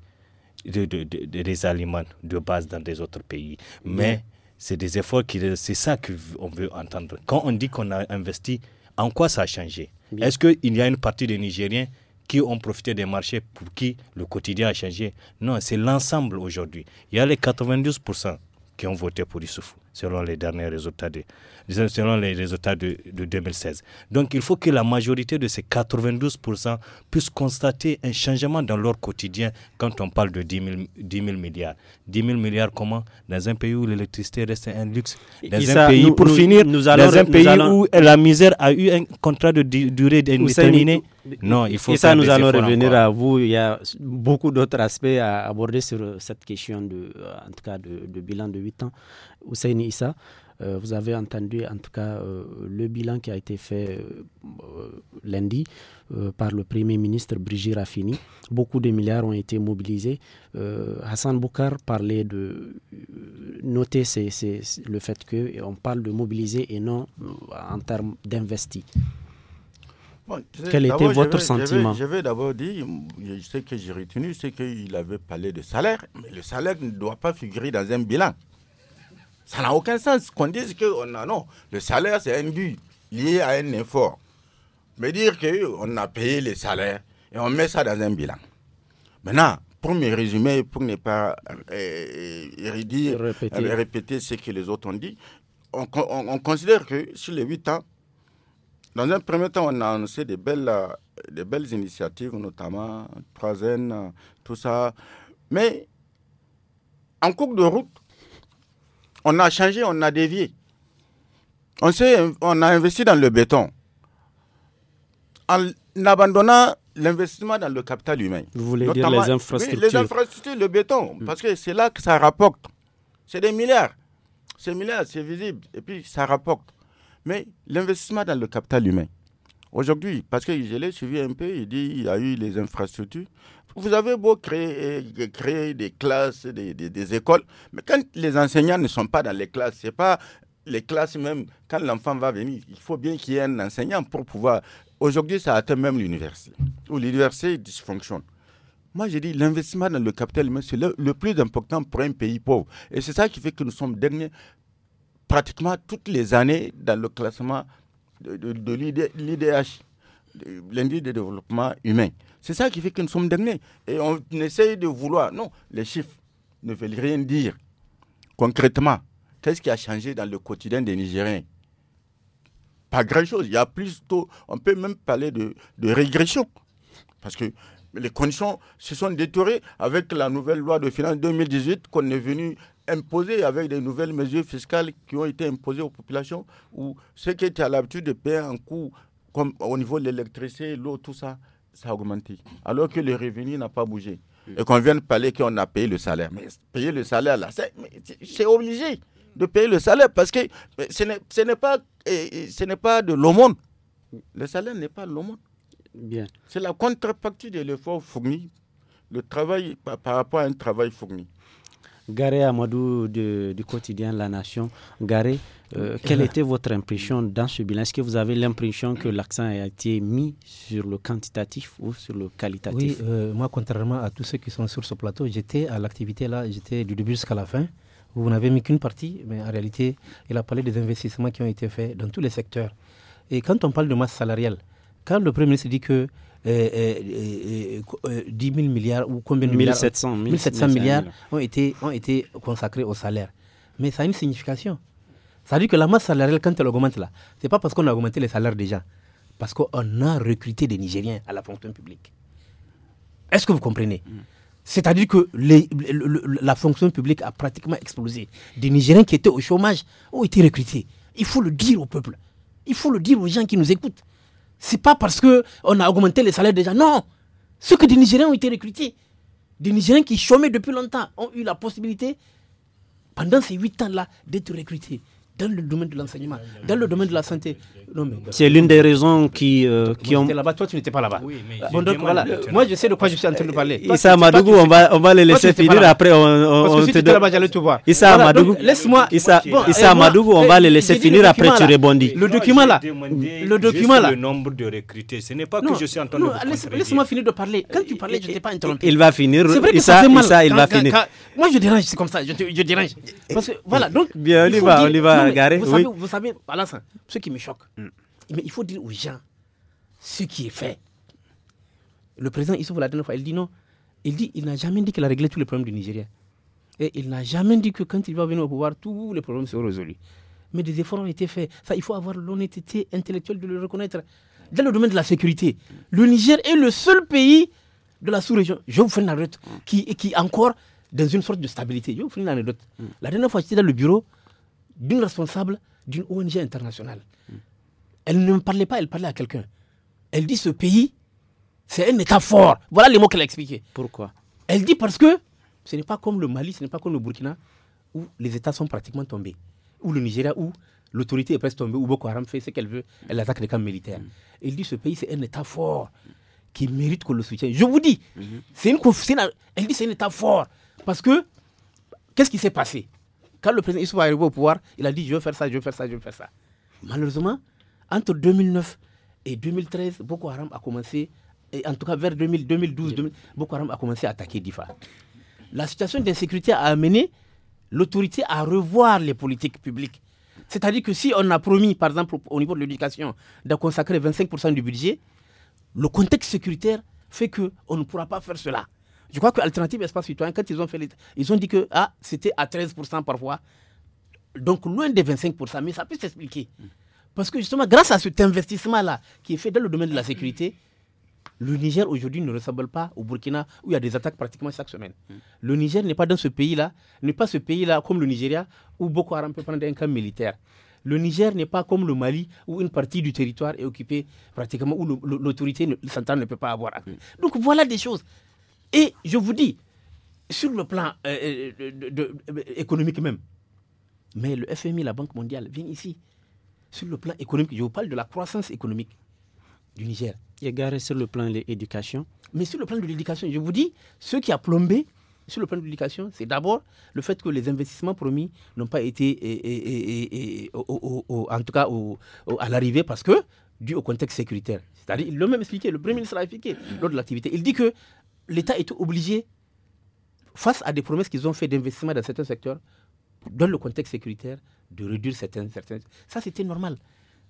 des aliments de base dans des autres pays. Mm. Mais c'est des efforts qui. C'est ça qu'on veut entendre. Quand on dit qu'on a investi, en quoi ça a changé Est-ce qu'il y a une partie des Nigériens qui ont profité des marchés, pour qui le quotidien a changé. Non, c'est l'ensemble aujourd'hui. Il y a les 92% qui ont voté pour Issoufou selon les derniers résultats de, selon les résultats de, de 2016. Donc il faut que la majorité de ces 92% puissent constater un changement dans leur quotidien quand on parle de 10 000, milliards. 10 000 milliards comment Dans un pays où l'électricité reste un luxe. Dans un pays, pour finir, allons, dans un pays où la misère a eu un contrat de durée indéterminée. Non, il faut. Et ça, nous allons revenir à vous. Il y a beaucoup d'autres aspects à aborder sur cette question de, en tout cas, de, de bilan de 8 ans. Hussein Issa. Euh, vous avez entendu en tout cas euh, le bilan qui a été fait euh, lundi par le Premier ministre Brigitte Raffini. Beaucoup de milliards ont été mobilisés. Hassan Boukar parlait de noter le fait qu'on parle de mobiliser et non en termes d'investi. Quel était votre sentiment Je vais, d'abord dire, ce que j'ai retenu, c'est qu'il avait parlé de salaire, mais le salaire ne doit pas figurer dans un bilan. Ça n'a aucun sens qu'on dise que a. Non, le salaire, c'est un but lié à un effort. Mais dire qu'on a payé les salaires et on met ça dans un bilan. Maintenant, pour me résumer, pour ne pas euh, euh, euh, répéter. ce que les autres ont dit, on, considère que sur les huit ans, dans un premier temps, on a annoncé des belles, des belles initiatives, notamment 3N, tout ça. Mais en cours de route, on a changé, on a dévié. On, on a investi dans le béton. En abandonnant l'investissement dans le capital humain. Vous voulez dire les infrastructures Les infrastructures, le béton, mm. parce que c'est là que ça rapporte. C'est des milliards. C'est milliards, c'est visible, et puis ça rapporte. Mais l'investissement dans le capital humain, Aujourd'hui, parce que je l'ai suivi un peu, il dit il y a eu les infrastructures. Vous avez beau créer, euh, créer des classes, des, des, écoles, mais quand les enseignants ne sont pas dans les classes, c'est pas les classes même, quand l'enfant va venir, il faut bien qu'il y ait un enseignant pour pouvoir. Aujourd'hui, ça atteint même l'université, où l'université dysfonctionne. Moi, j'ai dit l'investissement dans le capital humain, c'est le, plus important pour un pays pauvre. Et c'est ça qui fait que nous sommes derniers pratiquement toutes les années dans le classement de, l'IDH, l'indice de développement humain. C'est ça qui fait que nous sommes derniers. Et on essaye de vouloir. Non, les chiffres ne veulent rien dire. Concrètement, qu'est-ce qui a changé dans le quotidien des Nigériens Pas grand-chose. Il y a plus tôt, on peut même parler de, régression. Parce que les conditions se sont détourées avec la nouvelle loi de finances 2018 qu'on est venu imposé avec des nouvelles mesures fiscales qui ont été imposées aux populations, où ceux qui étaient à l'habitude de payer un coût comme au niveau de l'électricité, l'eau, tout ça, ça a augmenté. Alors que le revenu n'a pas bougé. Et qu'on vient de parler qu'on a payé le salaire. Mais payer le salaire, là, c'est obligé de payer le salaire parce que ce n'est pas, ce pas de l'aumône. Le salaire n'est pas l'aumône. Bien. C'est la contrepartie de l'effort fourni, le travail par rapport à un travail fourni. Garé Amadou de, du quotidien La Nation. Garé, euh, quelle était votre impression dans ce bilan Est-ce que vous avez l'impression que l'accent a été mis sur le quantitatif ou sur le qualitatif Oui, euh, moi, contrairement à tous ceux qui sont sur ce plateau, j'étais à l'activité là, j'étais du début jusqu'à la fin. Vous n'avez mis qu'une partie, mais en réalité, il a parlé des investissements qui ont été faits dans tous les secteurs. Et quand on parle de masse salariale, quand le Premier ministre dit que 10 euh, 000 euh, euh, milliards ou combien de 1700, milliards 1700 milliards ont été, ont été consacrés au salaire. Mais ça a une signification. Ça veut dire que la masse salariale, quand elle augmente là, c'est pas parce qu'on a augmenté les salaires des gens, parce qu'on a recruté des Nigériens à la fonction publique. Est-ce que vous comprenez mm. C'est-à-dire que les, la fonction publique a pratiquement explosé. Des Nigériens qui étaient au chômage ont été recrutés. Il faut le dire au peuple. Il faut le dire aux gens qui nous écoutent n'est pas parce qu'on a augmenté les salaires déjà. Non. Ceux que des Nigériens ont été recrutés, des Nigériens qui chômaient depuis longtemps, ont eu la possibilité, pendant ces huit ans-là, d'être recrutés dans le domaine de l'enseignement, dans le domaine de la santé. C'est l'une des raisons qui, euh, qui ont. là-bas, toi, tu n'étais pas là-bas. Oui, bon, donc voilà. Moi, je sais de quoi je suis en train de parler. Issa Madougou, on va, on va les laisser finir. Après, on, on, Parce que si là-bas, j'allais te voir. Issa Madougou. Laisse-moi. Issa, bon, Madougou, on va eh, les laisser finir. après, tu rebondis. Le document là. Le document là. Le nombre de recrutés. Ce n'est pas que je suis en train de. Laisse-moi finir de parler. Quand tu parlais, je ne t'ai pas interrompu. Il va finir. C'est vrai que ça il va finir. Moi, je dérange. C'est comme ça. Je dérange. Parce que voilà. Donc. Bien, on y va. On y va. Vous, savez, vous ce qui me choque. Mm. Mais il faut dire aux gens ce qui est fait. Le président Issou, la dernière fois, il dit non. Il dit il n'a jamais dit qu'il a réglé tous les problèmes du Nigeria. Et il n'a jamais dit que quand il va venir au pouvoir, tous les problèmes seront résolus. Mais des efforts ont été faits. il faut avoir l'honnêteté intellectuelle de le reconnaître. Dans le domaine de la sécurité, le Niger est le seul pays de la sous-région, je vous fais une anecdote, qui, qui est encore dans une sorte de stabilité. Je vous fais une anecdote. Mm. La dernière fois, j'étais dans le bureau d'une responsable d'une ONG internationale. Elle ne me parlait pas, elle parlait à quelqu'un. Elle dit ce pays, c'est un État fort. Voilà les mots qu'elle a expliqués. Pourquoi Elle dit parce que ce n'est pas comme le Mali, ce n'est pas comme le Burkina, où les États sont pratiquement tombés. Ou le Nigeria, où l'autorité est presque tombée, où Boko Haram fait ce qu'elle veut, elle attaque les camps militaires. Mm. Elle dit ce pays, c'est un État fort qui mérite qu'on le soutienne. Je vous dis, mm-hmm. c'est Elle dit c'est un État fort. Parce que, qu'est-ce qui s'est passé quand le président Issouba est arrivé au pouvoir, il a dit je veux faire ça, je veux faire ça, je veux faire ça. Malheureusement, entre 2009 et 2013, Boko Haram a commencé, et en tout cas vers 2012, Boko Haram a commencé à attaquer Difa. La situation d'insécurité a amené l'autorité à revoir les politiques publiques. C'est-à-dire que si on a promis, par exemple, au niveau de l'éducation, de consacrer 25% du budget, le contexte sécuritaire fait qu'on ne pourra pas faire cela. Je crois que Alternative Espace Citoyen, quand ils ont fait les, ils ont dit que ah, c'était à 13% parfois, donc loin des 25%, mais ça peut s'expliquer. Parce que justement, grâce à cet investissement-là qui est fait dans le domaine de la sécurité, le Niger aujourd'hui ne ressemble pas au Burkina où il y a des attaques pratiquement chaque semaine. Le Niger n'est pas dans ce pays-là, n'est pas ce pays-là comme le Nigeria où Boko Haram peut prendre un camp militaire. Le Niger n'est pas comme le Mali où une partie du territoire est occupée pratiquement où l'autorité centrale ne peut pas avoir accès. Donc voilà des choses. Et je vous dis, sur le plan euh, euh, euh, économique même, mais le FMI, la Banque mondiale, vient ici. Sur le plan économique, je vous parle de la croissance économique du Niger. garé sur le plan de l'éducation. Mais sur le plan de l'éducation, je vous dis, ce qui a plombé sur le plan de l'éducation, c'est d'abord le fait que les investissements promis n'ont pas été, en tout cas, à l'arrivée, parce que dû au contexte sécuritaire. C'est-à-dire, il l'a même expliqué, le Premier ministre l'a expliqué lors de l'activité. Il dit que l'État était obligé, face à des promesses qu'ils ont faites d'investissement dans certains secteurs, dans le contexte sécuritaire, de réduire certains. Ça, c'était normal.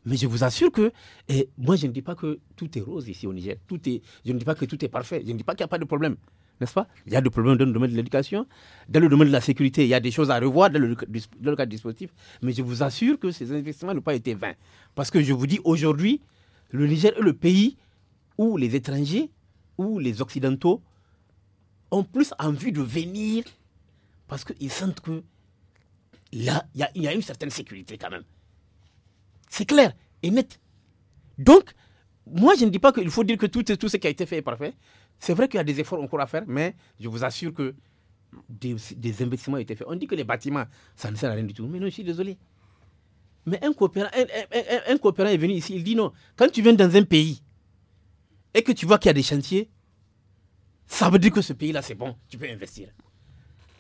Mais je vous assure que, et moi, je ne dis pas que tout est rose ici au Niger. Tout est, je ne dis pas que tout est parfait. Je ne dis pas qu'il n'y a pas de problème. N'est-ce pas Il y a des problèmes dans le domaine de l'éducation. Dans le domaine de la sécurité, il y a des choses à revoir dans le, cadre dispositif. Mais je vous assure que ces investissements n'ont pas été vains. Parce que je vous dis, aujourd'hui, le Niger est le pays où les étrangers où les Occidentaux ont plus envie de venir parce qu'ils sentent que là, il y, a une certaine sécurité quand même. C'est clair et net. Donc, moi, je ne dis pas qu'il faut dire que tout, tout ce qui a été fait est parfait. C'est vrai qu'il y a des efforts encore à faire, mais je vous assure que des, investissements ont été faits. On dit que les bâtiments, ça ne sert à rien du tout. Mais non, je suis désolé. Mais un un, un coopérant est venu ici, il dit non. Quand tu viens dans un pays, et que tu vois qu'il y a des chantiers, ça veut dire que ce pays-là, c'est bon, tu peux investir.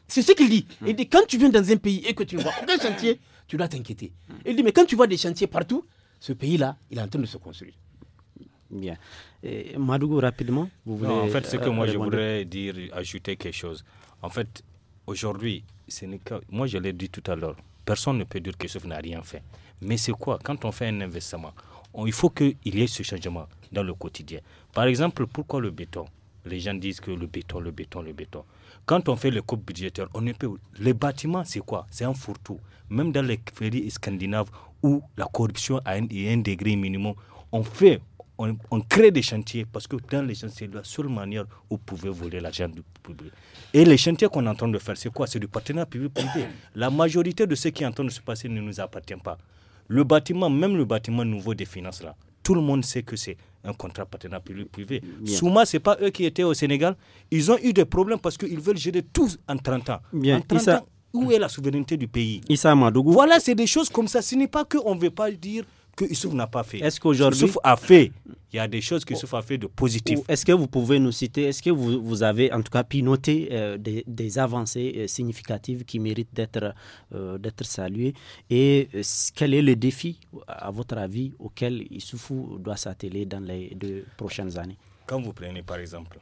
C'est ce qu'il dit. Il dit, quand tu viens dans un pays et que tu vois aucun chantier, tu dois t'inquiéter. Il dit, mais quand tu vois des chantiers partout, ce pays-là, il est en train de se construire. Bien. Et rapidement, vous voulez En fait, ce que euh, moi, je voudrais dire, ajouter quelque chose. En fait, aujourd'hui, ce n'est moi, je l'ai dit tout à l'heure, personne ne peut dire que ce n'a rien fait. Mais c'est quoi Quand on fait un investissement, il faut qu'il y ait ce changement dans le quotidien. Par exemple, pourquoi le béton Les gens disent que le béton, le béton, le béton. Quand on fait les coupes budgétaires, on ne peut. Les bâtiments, c'est quoi C'est un fourre-tout. Même dans les ferries scandinaves où la corruption a un, un degré minimum, on fait on, on, crée des chantiers parce que dans les chantiers, c'est la seule manière où vous pouvez voler l'argent du public. Et les chantiers qu'on est en train de faire, c'est quoi C'est du partenariat public-privé. La majorité de ce qui est en train de se passer ne nous appartient pas. Le bâtiment, même le bâtiment nouveau des finances, là, tout le monde sait que c'est un contrat partenariat privé. Souma, ce n'est pas eux qui étaient au Sénégal. Ils ont eu des problèmes parce qu'ils veulent gérer tout en 30 ans. Bien. En 30 ans, où est la souveraineté du pays Issa Voilà, c'est des choses comme ça. Ce n'est pas qu'on ne veut pas dire que Issouf n'a pas fait. Est-ce qu'aujourd'hui. a fait. Il y a des choses que a fait de positif. Est-ce que vous pouvez nous citer, est-ce que vous, avez en tout cas pu noter euh, des, avancées euh, significatives qui méritent d'être euh, saluées Et quel est le défi, à votre avis, auquel Issouf doit s'atteler dans les deux prochaines années Quand vous prenez par exemple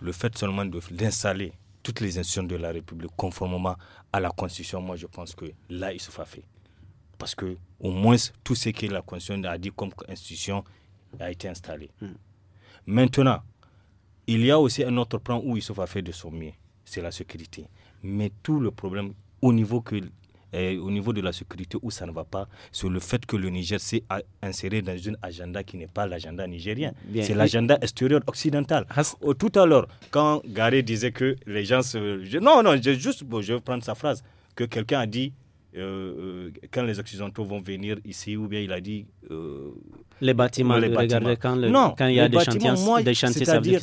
le fait seulement d'installer toutes les institutions de la République conformément à la Constitution, moi je pense que là, Issouf a fait. Parce que au moins tout ce que la Constitution a dit comme institution a été installé. Hmm. Maintenant, il y a aussi un autre plan où se va fait de son mieux, c'est la sécurité. Mais tout le problème au niveau que eh, au niveau de la sécurité où ça ne va pas, c'est le fait que le Niger s'est inséré dans une agenda qui n'est pas l'agenda nigérien. C'est l'agenda extérieur occidental. tout à l'heure, quand Garé disait que les gens se... non, non, je, juste, je veux prendre sa phrase, que quelqu'un a dit euh, euh, quand les Occidentaux vont venir ici, ou bien il a dit. Euh, les bâtiments, les regardez quand, quand il y a des chantiers, ça, dire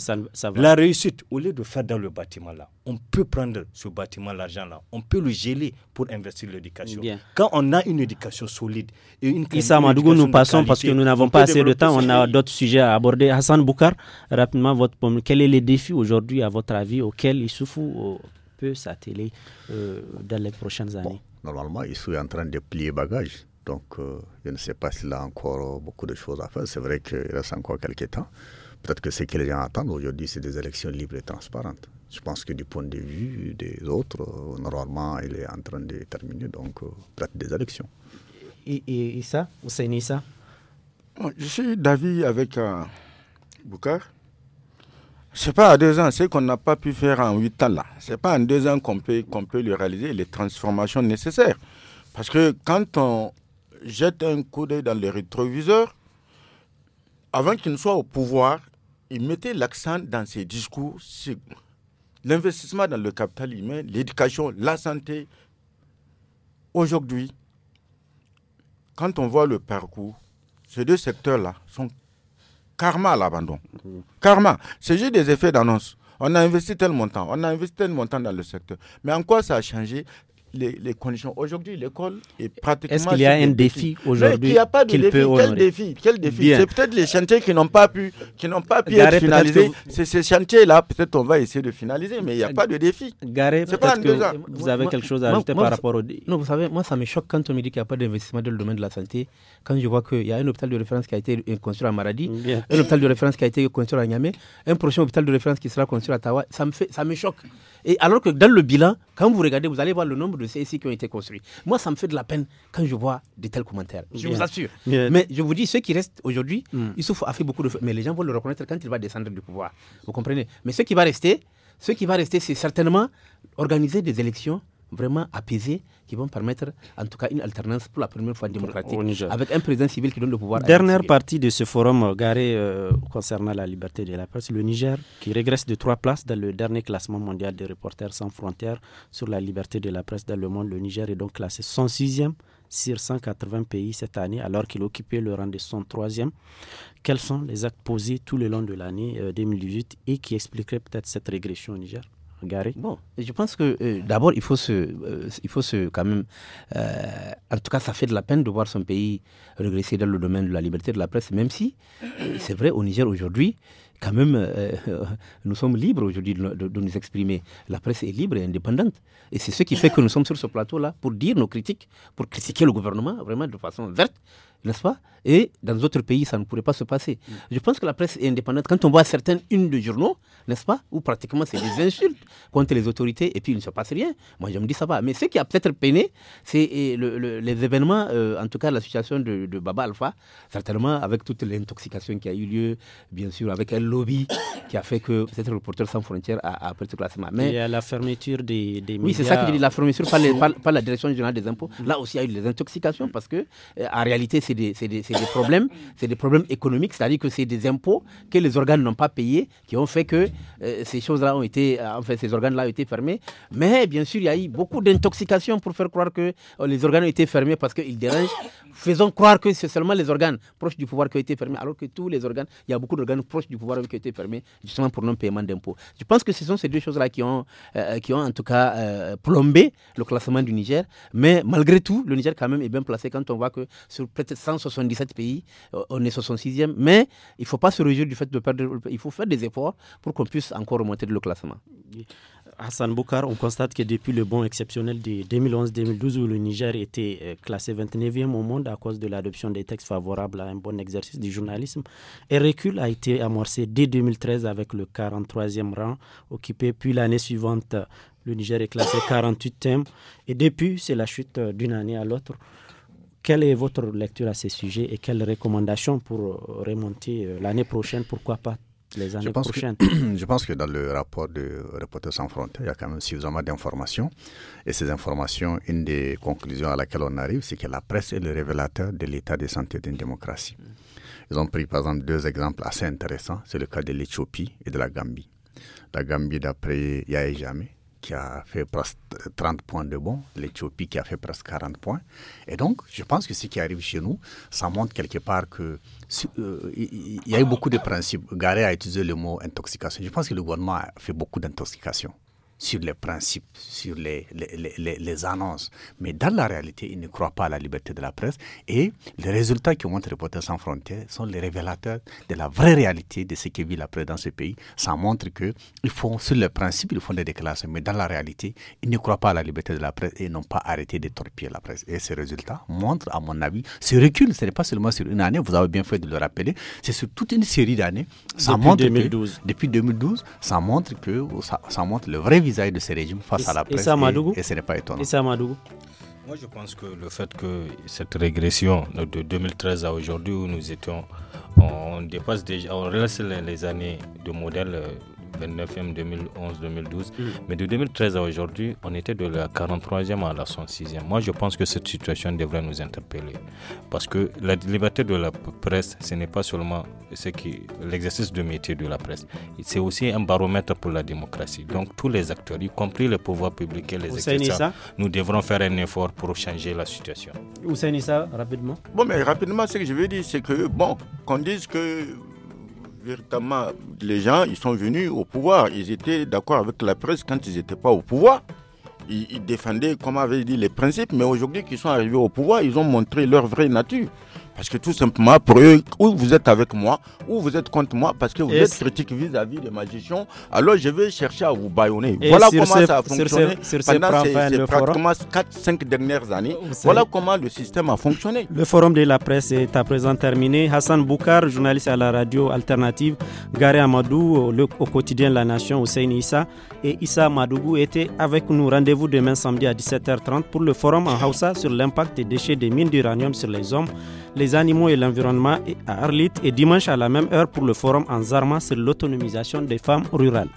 La réussite, au lieu de faire dans le bâtiment là, on peut prendre ce bâtiment, l'argent là, on peut le geler pour investir l'éducation. Quand on a une éducation solide et une. Issa nous passons parce que nous n'avons pas assez de temps, on a d'autres sujets à aborder. Hassan Boukar, rapidement, votre, quel est le défi aujourd'hui, à votre avis, auquel il souffre? peut s'atteler euh, dans les prochaines années Normalement, il est en train de plier bagages. Donc, euh, je ne sais pas s'il a encore beaucoup de choses à faire. C'est vrai qu'il reste encore quelques temps. Peut-être que ce que les gens attendent aujourd'hui, c'est des élections libres et transparentes. Je pense que du point de vue des autres, euh, normalement, il est en train de terminer, donc peut-être des élections. Et, et, ça, Ousseini, ça Je suis d'avis avec Boukar. Ce n'est pas à deux ans, ce qu'on n'a pas pu faire en huit ans là. n'est pas en deux ans qu'on peut, qu'on peut réaliser les transformations nécessaires. Parce que quand on jette un coup d'œil dans le rétroviseur, avant qu'il ne soit au pouvoir, il mettait l'accent dans ses discours sur l'investissement dans le capital humain, l'éducation, la santé. Aujourd'hui, quand on voit le parcours, ces deux secteurs-là sont Karma à l'abandon. Karma, c'est juste des effets d'annonce. On a investi tel montant, on a investi tel montant dans le secteur. Mais en quoi ça a changé les, conditions. Aujourd'hui, l'école est pratiquement. Est-ce qu'il y a un défi aujourd'hui Il pas de défi. quel défi. Quel défi C'est peut-être les chantiers qui n'ont pas pu, qui n'ont pas pu être finalisés. C'est ces chantiers-là, peut-être on va essayer de finaliser, mais il n'y a pas de défi. Garé, pas vous avez quelque chose à ajouter par rapport au. Non, vous savez, moi, ça me choque quand on me dit qu'il n'y a pas d'investissement dans le domaine de la santé. Quand je vois qu'il y a un hôpital de référence qui a été construit à Maradi, un hôpital de référence qui a été construit à Niamey, un prochain hôpital de référence qui sera construit à Tawa, ça me, fait, ça me choque alors que dans le bilan, quand vous regardez, vous allez voir le nombre de CSI qui ont été construits. Moi, ça me fait de la peine quand je vois de tels commentaires. Je vous assure. Euh, Mais je vous dis, ceux qui restent aujourd'hui, hmm. ils souffrent a fait beaucoup de... Mais les gens vont le reconnaître quand il va descendre du pouvoir. Vous comprenez Mais ce qui va rester, ce qui va rester, c'est certainement organiser des élections vraiment apaisés qui vont permettre en tout cas une alternance pour la première fois démocratique avec un président civil qui donne le pouvoir. Dernière partie de ce forum euh, garé euh, concernant la liberté de la presse, le Niger qui régresse de trois places dans le dernier classement mondial des reporters sans frontières sur la liberté de la presse dans le monde. Le Niger est donc classé 106e sur 180 pays cette année alors qu'il occupait le rang de 103e. Quels sont les actes posés tout le long de l'année 2018 euh, et qui expliqueraient peut-être cette régression au Niger Bon, je pense que euh, d'abord, il faut se, euh, il faut se quand même. Euh, en tout cas, ça fait de la peine de voir son pays regresser dans le domaine de la liberté de la presse, même si, c'est vrai, au Niger aujourd'hui, quand même, nous sommes libres aujourd'hui de, de, nous exprimer. La presse est libre et indépendante. Et c'est ce qui fait que nous sommes sur ce plateau-là pour dire nos critiques, pour critiquer le gouvernement vraiment de façon verte, n'est-ce pas et dans d'autres pays, ça ne pourrait pas se passer. Je pense que la presse est indépendante. Quand on voit certaines unes de journaux, n'est-ce pas, où pratiquement c'est des insultes contre les autorités et puis il ne se passe rien, moi je me dis ça va. Mais ce qui a peut-être peiné, c'est eh, les événements, euh, en tout cas la situation de, Baba Alpha, certainement avec toute l'intoxication qui a eu lieu, bien sûr, avec un lobby qui a fait que peut reporter sans frontières a, a pris ce classement. Mais, y a la fermeture des, Oui, c'est ça que je la fermeture par, la direction générale des impôts. Là aussi, il y a eu des intoxications parce que, euh, en réalité, c'est des c'est des problèmes, c'est des problèmes économiques, c'est-à-dire que c'est des impôts que les organes n'ont pas payés qui ont fait que euh, ces choses-là ont été, euh, enfin, ces organes-là ont été fermés. Mais bien sûr, il y a eu beaucoup d'intoxication pour faire croire que euh, les organes ont été fermés parce qu'ils dérangent. Faisons croire que c'est seulement les organes proches du pouvoir qui ont été fermés, alors que tous les organes, il y a beaucoup d'organes proches du pouvoir qui ont été fermés justement pour non-paiement d'impôts. Je pense que ce sont ces deux choses-là qui ont, qui ont en tout cas plombé le classement du Niger. Mais malgré tout, le Niger quand même est bien placé quand on voit que sur peut-être 177 pays, euh, on est 66e, mais il ne faut pas se réjouir du fait de perdre, il faut faire des efforts pour qu'on puisse encore remonter le classement. Hassan Boukar, on constate que depuis le bon exceptionnel de 2011-2012 où le Niger était euh, classé 29e au monde à cause de l'adoption des textes favorables à un bon exercice du journalisme, un recul a été amorcé dès 2013 avec le 43e rang occupé, puis l'année suivante, le Niger est classé 48e et depuis, c'est la chute euh, d'une année à l'autre. Quelle est votre lecture à ce sujet et quelles recommandations pour euh, remonter euh, l'année prochaine, pourquoi pas les années prochaines Je pense que dans le rapport de Reporters sans frontières, il y a quand même suffisamment d'informations. Et ces informations, une des conclusions à laquelle on arrive, c'est que la presse est le révélateur de l'état de santé d'une démocratie. Ils ont pris par exemple deux exemples assez intéressants. C'est le cas de l'Éthiopie et de la Gambie. La Gambie, d'après Yahya Jamé qui a fait presque 30 points de bon, l'Éthiopie qui a fait presque 40 points. Et donc, je pense que ce qui arrive chez nous, ça montre quelque part que euh, il y, y, a eu beaucoup de principes. Garé a utilisé le mot intoxication. Je pense que le gouvernement a fait beaucoup d'intoxication sur les principes, sur les, les, annonces. Mais dans la réalité, ils ne croient pas à la liberté de la presse. Et les résultats que montrent Reporters sans frontières sont les révélateurs de la vraie réalité de ce que vit la presse dans ce pays. Ça montre qu'ils font, sur le principe, ils font des déclarations. Mais dans la réalité, ils ne croient pas à la liberté de la presse et n'ont pas arrêté de torpiller la presse. Et ces résultats montrent, à mon avis, ce recul. Ce n'est pas seulement sur une année, vous avez bien fait de le rappeler, c'est sur toute une série d'années. depuis montre 2012. depuis 2012, ça montre, que, ça montre le vrai vis de ces régimes face à la presse. Et, ce n'est pas étonnant. Moi, je pense que le fait que cette régression de 2013 à aujourd'hui où nous étions, on, dépasse déjà, on relâche les, années de modèle euh, 29e 2011-2012. Mmh. Mais de 2013 à aujourd'hui, on était de la 43e à la 106e. Moi, je pense que cette situation devrait nous interpeller. Parce que la liberté de la presse, ce n'est pas seulement l'exercice de métier de la presse. C'est aussi un baromètre pour la démocratie. Donc, tous les acteurs, y compris les pouvoirs publics et les exerciteurs, nous devrons faire un effort pour changer la situation. Ousseini, ça, rapidement Bon, mais rapidement, ce que je veux dire, c'est que, bon, qu'on dise que véritablement, les gens, ils sont venus au pouvoir. Ils étaient d'accord avec la presse quand ils n'étaient pas au pouvoir. Ils, défendaient, comme avait dit, les principes, mais aujourd'hui qu'ils sont arrivés au pouvoir, ils ont montré leur vraie nature. Parce que tout simplement, pour eux, ou vous êtes avec moi, ou vous êtes contre moi, parce que vous êtes critique vis-à-vis des magiciens, alors je vais chercher à vous baïonner. Voilà comment ça a fonctionné pendant ces, pratiquement 4-5 dernières années. Voilà comment le système a fonctionné. Le forum de la presse est à présent terminé. Hassan Boukar, journaliste à la radio alternative, Gary Amadou, au quotidien La Nation, au Hussein Issa, et Issa Madougou étaient avec nous. Rendez-vous demain samedi à 17h30 pour le forum en Hausa sur l'impact des déchets des mines d'uranium sur les hommes les animaux et l'environnement à Arlit et dimanche à la même heure pour le forum en Zarma sur l'autonomisation des femmes rurales.